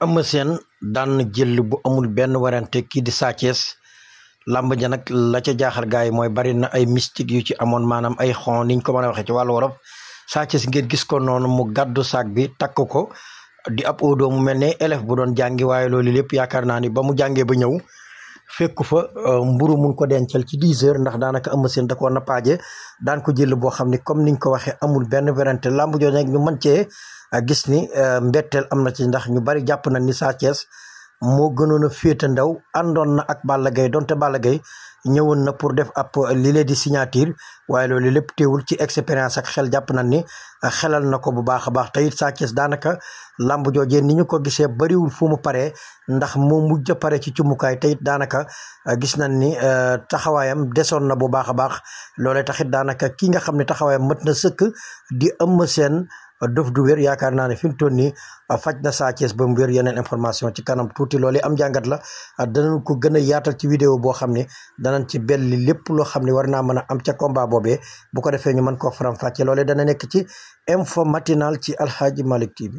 Eumeu Sène daan na jël bu amul benn warante kii di Sa lamb làmb ja nag la ca jaaxal gars yi mooy bari na ay mystique yu ci amoon maanaam ay xon niñ ko mën a waxee ci wàllu wolof Sa Thiès ngeen gis ko noonu mu gàddu saak bi takk ko di ab odo mu mel ne élève bu doon jàngi waaye loolu lépp yaakaar naa ni ba mu jàngee ba ñëw fekku fa euh, mburu mun ko dencal ci 10 heures ndax daanaka Eumeu Sène da koo nappaaje daan ko jël boo xam ne comme niñ ko waxee amul benn werante làmb jooju nag ñu mën cee Ah, gis ni eh, mbetteel am na ci ndax ñu bari jàpp na ni Sa moo gënoon a féete ndaw àndoon na ak Balla Gaye donte Balla Gaye ñëwoon na pour def ab eh, li lee di signature waaye loolu lépp teewul ci expérience ak xel jàpp na ni eh, xelal na ko bu baax a baax te it daanaka làmb joojee ni ñu ko gisee bariwul fu ma paree ndax moo mujj a pare ci cumukaay tayit it daanaka gis nañ ni taxawaayam desoon na bu baax a baax loolee taxit daanaka ki nga xam ne taxawaayam mët na sëkk di ëmm seen dof du wér yaakaar naa ne fi mu toll nii ah, faj na Sa Thiès ba wér yeneen information ci kanam tuuti loolu am jàngat la ah, danañ ko gën a yaatal ci vidéo boo xam ne danañ ci belli lépp loo xam ne war naa mën a am ca combat be bu ko defee ñu mën koo faram-fàccee loolee dana nekk ci informatinal ci ci Aladji Malick TV